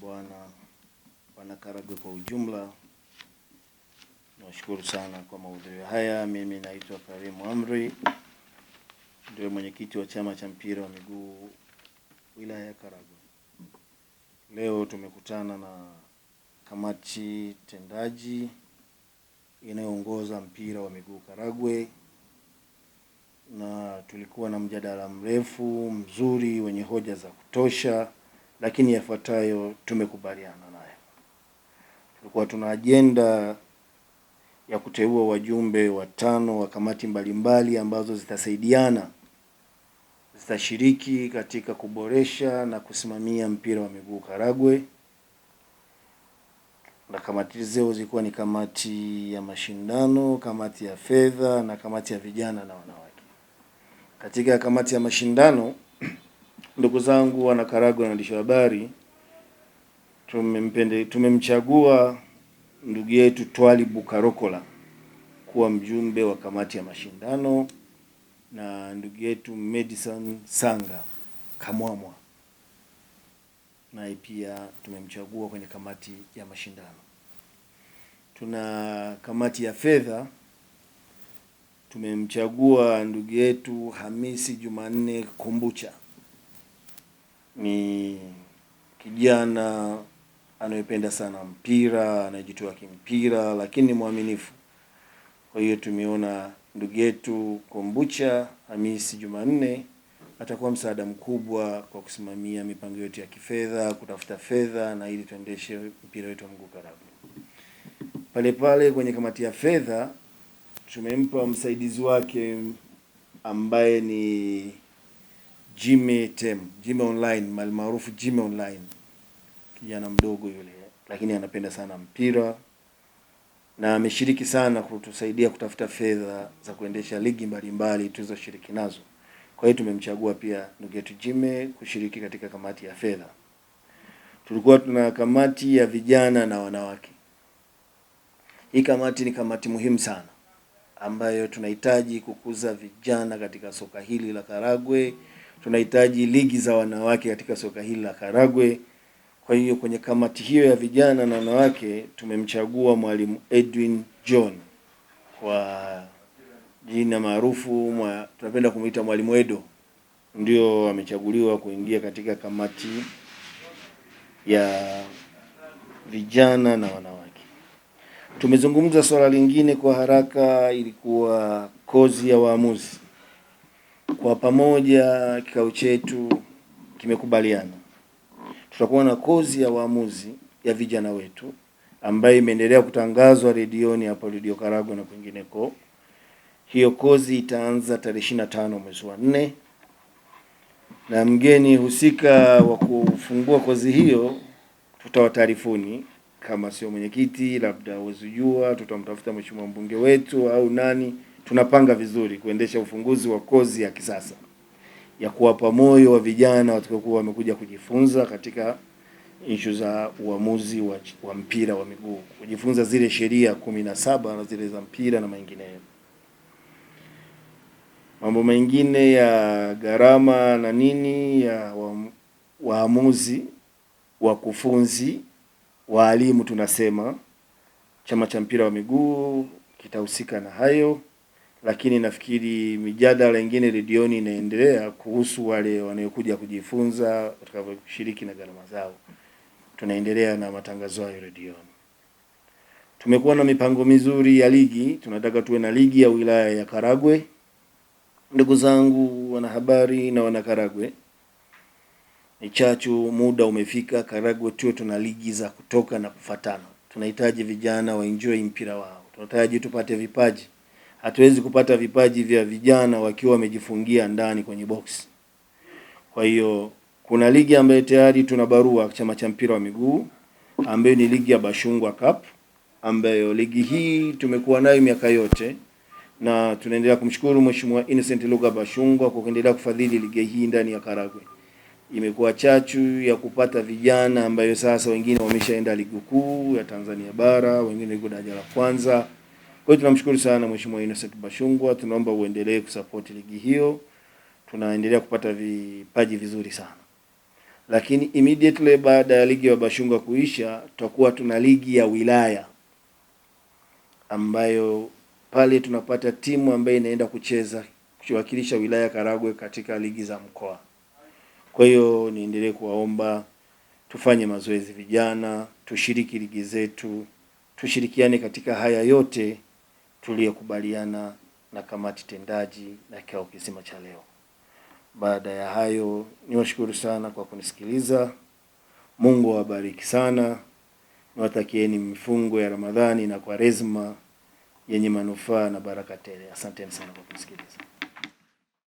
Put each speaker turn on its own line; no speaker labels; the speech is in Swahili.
Bwana, wanakaragwe kwa ujumla, nawashukuru sana kwa mahudhurio haya. Mimi naitwa Karimu Amri, ndio mwenyekiti wa chama cha mpira wa miguu wilaya ya Karagwe. Leo tumekutana na kamati tendaji inayoongoza mpira wa miguu Karagwe na tulikuwa na mjadala mrefu mzuri wenye hoja za kutosha lakini yafuatayo tumekubaliana nayo. Tulikuwa tuna ajenda ya kuteua wajumbe watano wa kamati mbalimbali ambazo zitasaidiana zitashiriki katika kuboresha na kusimamia mpira wa miguu Karagwe, na kamati zeo zilikuwa ni kamati ya mashindano, kamati ya fedha na kamati ya vijana na wanawake. Katika kamati ya mashindano Ndugu zangu wana Karagwe na waandishi wa habari, tumempende tumemchagua ndugu yetu Twali Bukarokola kuwa mjumbe wa kamati ya mashindano na ndugu yetu Madison Sanga Kamwamwa naye pia tumemchagua kwenye kamati ya mashindano. Tuna kamati ya fedha tumemchagua ndugu yetu Hamisi Jumanne Kumbucha ni kijana anayependa sana mpira, anayejitoa kimpira, lakini ni mwaminifu. Kwa hiyo tumeona ndugu yetu Kombucha Hamisi Jumanne atakuwa msaada mkubwa kwa kusimamia mipango yetu ya kifedha, kutafuta fedha na ili tuendeshe mpira wetu wa mguu karibu. Pale pale kwenye kamati ya fedha tumempa msaidizi wake ambaye ni Jimmy Tem, Online maarufu Jimmy Online, kijana mdogo yule, lakini anapenda sana mpira na ameshiriki sana kutusaidia kutafuta fedha za kuendesha ligi mbalimbali tulizoshiriki nazo. Kwa hiyo tumemchagua pia ndugu yetu kushiriki katika kamati ya fedha. Tulikuwa tuna kamati ya vijana na wanawake. Hii kamati ni kamati muhimu sana ambayo tunahitaji kukuza vijana katika soka hili la Karagwe tunahitaji ligi za wanawake katika soka hili la Karagwe. Kwa hiyo kwenye kamati hiyo ya vijana na wanawake tumemchagua mwalimu Edwin John kwa jina maarufu mwa, tunapenda kumuita mwalimu Edo, ndio amechaguliwa kuingia katika kamati ya vijana na wanawake. Tumezungumza swala lingine kwa haraka, ilikuwa kozi ya waamuzi. Kwa pamoja kikao chetu kimekubaliana, tutakuwa na kozi ya waamuzi ya vijana wetu ambayo imeendelea kutangazwa redioni hapa Redio Karagwe na kwingineko. Hiyo kozi itaanza tarehe ishirini na tano mwezi wa nne na mgeni husika wa kufungua kozi hiyo tutawataarifuni, kama sio mwenyekiti, labda wezijua, tutamtafuta mheshimiwa mbunge wetu au nani tunapanga vizuri kuendesha ufunguzi wa kozi ya kisasa ya kuwapa moyo wa vijana watakaokuwa wamekuja kujifunza katika nchi za uamuzi wa, wa mpira wa miguu kujifunza zile sheria kumi na saba na zile za mpira na mengineyo. Mambo mengine ya gharama na nini ya waamuzi wakufunzi waalimu, tunasema chama cha mpira wa miguu kitahusika na hayo lakini nafikiri mijadala ingine redioni inaendelea kuhusu wale wanaokuja kujifunza watakavyoshiriki na gharama zao. Tunaendelea na matangazo hayo redioni. Tumekuwa na mipango mizuri ya ligi, tunataka tuwe na ligi ya wilaya ya Karagwe. Ndugu zangu wanahabari na wanakaragwe, ni chachu, muda umefika Karagwe tuwe tuna ligi za kutoka na kufatana. Tunahitaji vijana waenjoy mpira wao, tunahitaji tupate vipaji hatuwezi kupata vipaji vya vijana wakiwa wamejifungia ndani kwenye box. Kwa hiyo kuna ligi ambayo tayari tuna barua chama cha mpira wa miguu ambayo ni ligi ya Bashungwa Cup ambayo ligi hii tumekuwa nayo miaka yote na tunaendelea kumshukuru Mheshimiwa Innocent Luga Bashungwa kwa kuendelea kufadhili ligi hii ndani ya Karagwe. Imekuwa chachu ya kupata vijana ambayo sasa wengine wameshaenda ligi kuu ya Tanzania bara, wengine ligi daraja la kwanza. Kwa hiyo tunamshukuru sana Mheshimiwa Innocent Bashungwa, tunaomba uendelee kusapoti ligi hiyo, tunaendelea kupata vipaji vizuri sana lakini immediately baada ya ligi ya Bashungwa kuisha, tutakuwa tuna ligi ya wilaya ambayo pale tunapata timu ambayo inaenda kucheza kuwakilisha wilaya Karagwe katika ligi za mkoa. Kwa hiyo niendelee kuwaomba tufanye mazoezi vijana, tushiriki ligi zetu, tushirikiane katika haya yote tuliyokubaliana na kamati tendaji na kikao kizima cha leo. Baada ya hayo, niwashukuru sana kwa kunisikiliza. Mungu awabariki sana, niwatakieni mifungo ya Ramadhani na Kwaresma yenye manufaa na baraka tele. Asanteni sana kwa kunisikiliza.